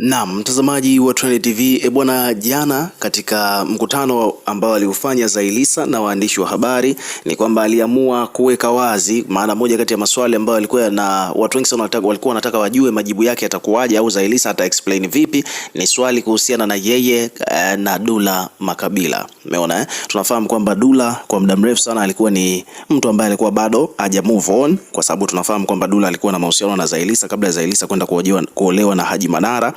Naam, mtazamaji wa Trend TV, e bwana, jana katika mkutano ambao aliufanya Zailisa na waandishi wa habari ni kwamba aliamua kuweka wazi, maana moja kati ya maswali ambayo alikuwa na watu wengi sana walikuwa wanataka wajue majibu yake yatakuwaje au Zailisa ata explain vipi, ni swali kuhusiana na yeye eh, na Dula Makabila. Umeona eh? Tunafahamu kwamba Dula kwa muda mrefu sana alikuwa ni mtu ambaye alikuwa bado haja move on, kwa sababu tunafahamu kwamba Dula alikuwa na mahusiano na Zailisa kabla ya Zailisa kwenda kuolewa na Haji Manara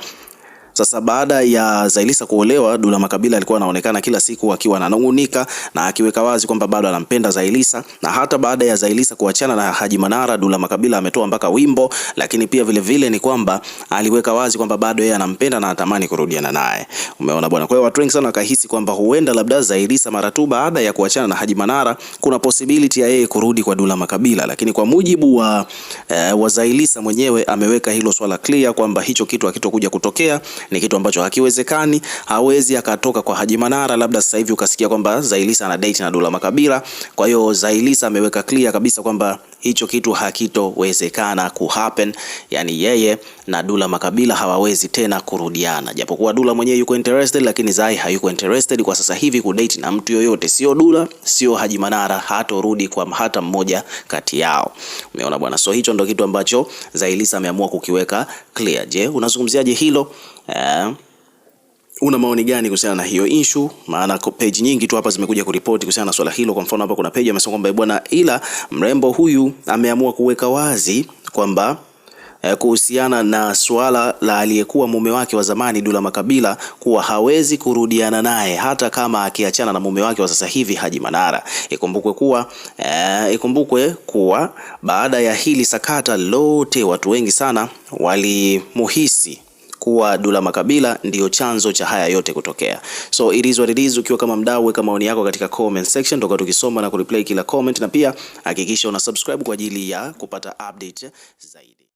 sasa baada ya Zailisa kuolewa, Dula Makabila alikuwa anaonekana kila siku akiwa ananung'unika na akiweka wazi kwamba bado anampenda Zailisa, na hata baada ya Zailisa kuachana na Haji Manara, Dula Makabila ametoa mpaka wimbo, lakini pia vile vile ni kwamba aliweka wazi kwamba bado yeye anampenda na anatamani kurudiana naye. Umeona bwana. Kwa hiyo watu wengi sana wakahisi kwamba huenda labda Zailisa mara tu baada ya kuachana na Haji Manara kuna possibility ya yeye kurudi kwa Dula Makabila, lakini kwa mujibu wa, eh, wa Zailisa mwenyewe ameweka hilo swala clear kwamba hicho kitu hakitokuja kutokea ni kitu ambacho hakiwezekani. Hawezi akatoka kwa Haji Manara, labda sasa hivi ukasikia kwamba Zailisa ana date na Dula Makabila. Kwa hiyo Zailisa ameweka clear kabisa kwamba hicho kitu hakitowezekana ku happen, yani yeye na Dula Makabila hawawezi tena kurudiana, japokuwa Dula mwenyewe yuko interested, lakini Zai hayuko interested kwa sasa hivi ku date na mtu yoyote, sio Dula, sio Haji Manara, hatorudi kwa hata mmoja kati yao. Umeona bwana, so hicho ndo kitu ambacho Zailisa ameamua kukiweka clear. Je, unazungumziaje hilo? Uh, una maoni gani kuhusiana na hiyo issue? Maana page nyingi tu hapa zimekuja kuripoti kuhusiana na swala hilo. Kwa mfano hapa kuna page amesema kwamba eh, bwana, ila mrembo huyu ameamua kuweka wazi kwamba eh, kuhusiana na suala la aliyekuwa mume wake wa zamani Dula Makabila kuwa hawezi kurudiana naye hata kama akiachana na mume wake wa sasa hivi Haji Manara. Ikumbukwe kuwa eh, ikumbukwe kuwa baada ya hili sakata lote watu wengi sana walimuhisi kuwa Dula Makabila ndiyo chanzo cha haya yote kutokea. So it is what it is. Ukiwa kama mdau, weka maoni yako katika comment section, toka tukisoma na kureply kila comment, na pia hakikisha una subscribe kwa ajili ya kupata update zaidi.